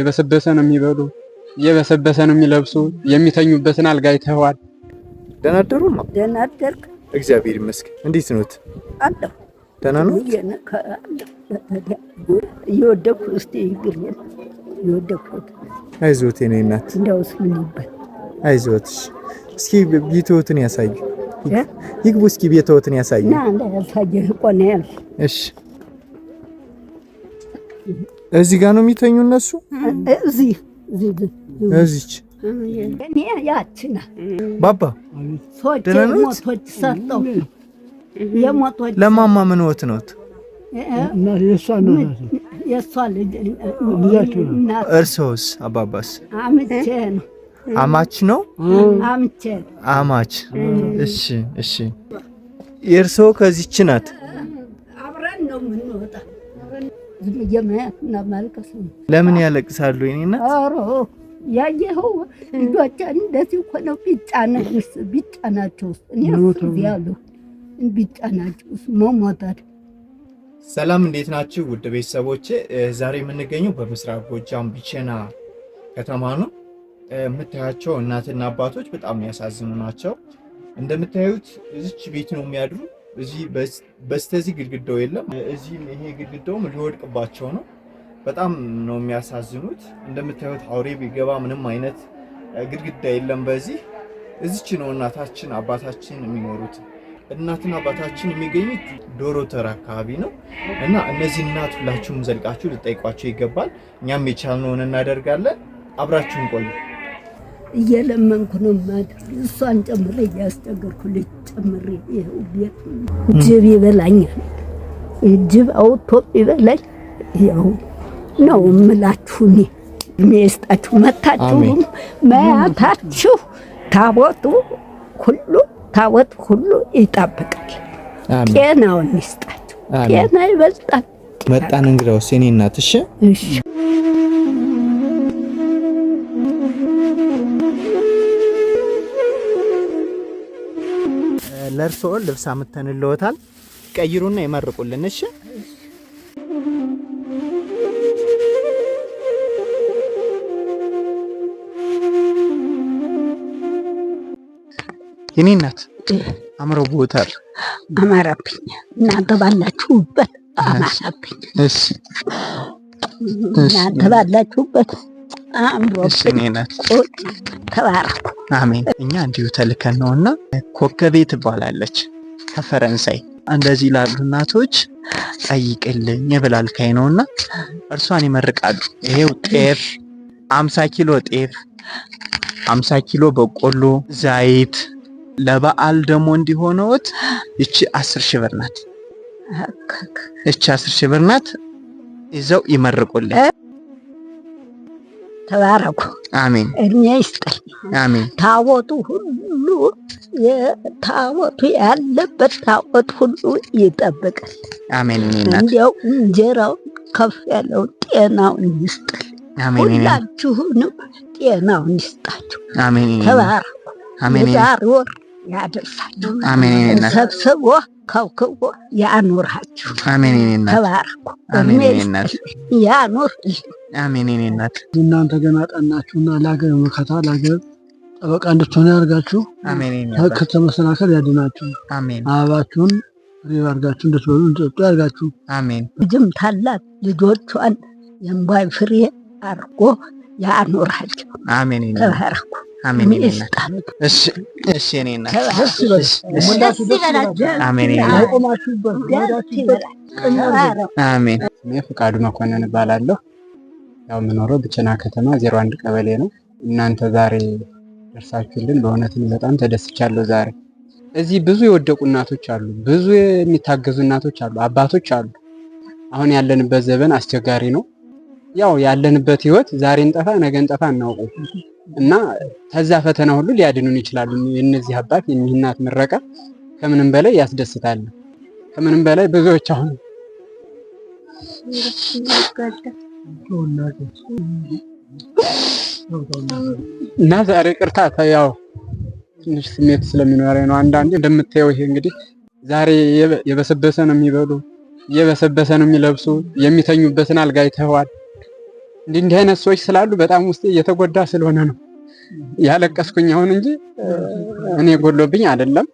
የበሰበሰ ነው የሚበሉ፣ የበሰበሰ ነው የሚለብሱ፣ የሚተኙበትን አልጋ ይተዋል። ደህና አደሩማ። ደህና አደርክ? እግዚአብሔር ይመስገን። እንዴት ነዎት? አለሁ። ደህና ነው። የወደኩ እስቲ ይግል የወደኩት። አይዞት የኔ እናት። እንዳውስ ምን ይባል? አይዞት። እስኪ ቤትዎትን ያሳዩ። ይግቡ። እስኪ ቤትዎትን ያሳዩ። ና እንዳያሳየህ ቆና ያልሽ። እሺ እዚህ ጋር ነው የሚተኙ እነሱ። እዚህ እዚች ባባ ለማማ ምን ወት ነው እርሶስ? አባባስ አምቼ ነው አማች ነው አምቼ አማች። እሺ እሺ፣ የእርሶ ከዚች ናት ማልቀስ ነው። ለምን ያለቅሳሉ? የእኔ እናት ኧረ ያየኸው እንደዚህ ሆነው ቢጫናቸውስ? እኔ ቢጫናቸውስ መሞታል ሰላም እንዴት ናችሁ ውድ ቤተሰቦቼ? ዛሬ የምንገኘው በምስራቅ ጎጃም ቢቸና ከተማ ነው። የምታያቸው እናትና አባቶች በጣም የሚያሳዝኑ ናቸው። እንደምታዩት እዚች ቤት ነው የሚያድሩ እዚህ በስተዚህ ግድግዳው የለም፣ እዚህም ይሄ ግድግዳውም ሊወድቅባቸው ነው። በጣም ነው የሚያሳዝኑት። እንደምታዩት አውሬ ቢገባ ምንም አይነት ግድግዳ የለም። በዚህ እዚች ነው እናታችን አባታችን የሚኖሩት። እናትና አባታችን የሚገኙት ዶሮተር አካባቢ ነው እና እነዚህ እናት ሁላችሁም ዘልቃችሁ ልጠይቋቸው ይገባል። እኛም የቻልነውን እናደርጋለን። አብራችሁን ቆዩ። እየለመንኩ ነው ማድረግ እሷን ጨምሬ እያስቸገርኩ ልጅ ጨምሬ ይኸው ቤት ጅብ ይበላኛል። ጅብ አውቶ ይበላኝ ያው ነው እምላችሁ እኔ መታችሁም መያታችሁ ታቦቱ ሁሉ ታቦት ሁሉ ጤናውን ይስጣችሁ። ጤና ይበልጣል። መጣን እንግዲያውስ እናት እሺ። ለእርስዎ ልብስ አምተንልዎታል። ቀይሩና ይመርቁልን። እሺ የኔ እናት አምረው ቦታል አማራብኝ። እናንተ ባላችሁበት አማራብኝ። እናንተ ባላችሁበት ተባረኩ። አሜን። እኛ እንዲሁ ተልከን ነውና ኮከቤ ትባላለች ከፈረንሳይ እንደዚህ ላሉ እናቶች ጠይቅልኝ ብላልካኝ ነውና እርሷን ይመርቃሉ። ይሄው ጤፍ አምሳ ኪሎ ጤፍ አምሳ ኪሎ በቆሎ፣ ዘይት ለበዓል ደግሞ እንዲሆነውት እቺ አስር ሺህ ብር ናት። እቺ አስር ሺህ ብር ናት። ይዘው ይመርቁልን። ተባረኩ። አሜን። እድሜ ይስጠል። አሜን። ታቦቱ ሁሉ ታቦቱ ያለበት ታቦት ሁሉ ይጠብቃል። አሜን። እንዲያው እንጀራው ከፍ ያለው ጤናውን ይስጠል። ሁላችሁንም ጤናውን ይስጣችሁ። አሜን። ተባረኩ። አሜን። ዛሬ ወር ያደርሳችሁ ሰብስቦ ከብክቦ ያኑራችሁ። ተባረኩ። ያኑር። እናንተ ገና ጠናችሁና መከታ ጠበቃ እንድትሆኑ ያርጋችሁ። ከክር ተመሰናከል ያድናችሁ። አበባችሁን ሪብ አድርጋችሁ እንድትበሉ እንድጠጡ ያድርጋችሁ። ልጅም ታላት ልጆቿን የእንቧይ ፍሬ አድርጎ ያኑራችሁ። ተባረኩ። አሜን እኔ ፍቃዱ መኮንን እባላለሁ። ያው የምኖረው ብቸና ከተማ ዜሮ አንድ ቀበሌ ነው። እናንተ ዛሬ ደርሳችሁልን በእውነትም በጣም ተደስቻለሁ። ዛሬ እዚህ ብዙ የወደቁ እናቶች አሉ፣ ብዙ የሚታገዙ እናቶች አሉ፣ አባቶች አሉ። አሁን ያለንበት ዘመን አስቸጋሪ ነው። ያው ያለንበት ህይወት ዛሬ እንጠፋ ነገ እንጠፋ እናውቁ እና ከዛ ፈተና ሁሉ ሊያድኑን ይችላሉ። የእነዚህ አባት የእኒህ እናት ምረቃ ከምንም በላይ ያስደስታል። ከምንም በላይ ብዙዎች አሁን እና ዛሬ ቅርታ ያው ትንሽ ስሜት ስለሚኖረ ነው። አንዳንዴ እንደምታየው ይሄ እንግዲህ ዛሬ የበሰበሰ ነው የሚበሉ እየበሰበሰ ነው የሚለብሱ የሚተኙበትን አልጋ ይተዋል። እንዲህ እንዲህ አይነት ሰዎች ስላሉ በጣም ውስጤ እየተጎዳ ስለሆነ ነው ያለቀስኩኝ አሁን እንጂ እኔ ጎሎብኝ አይደለም።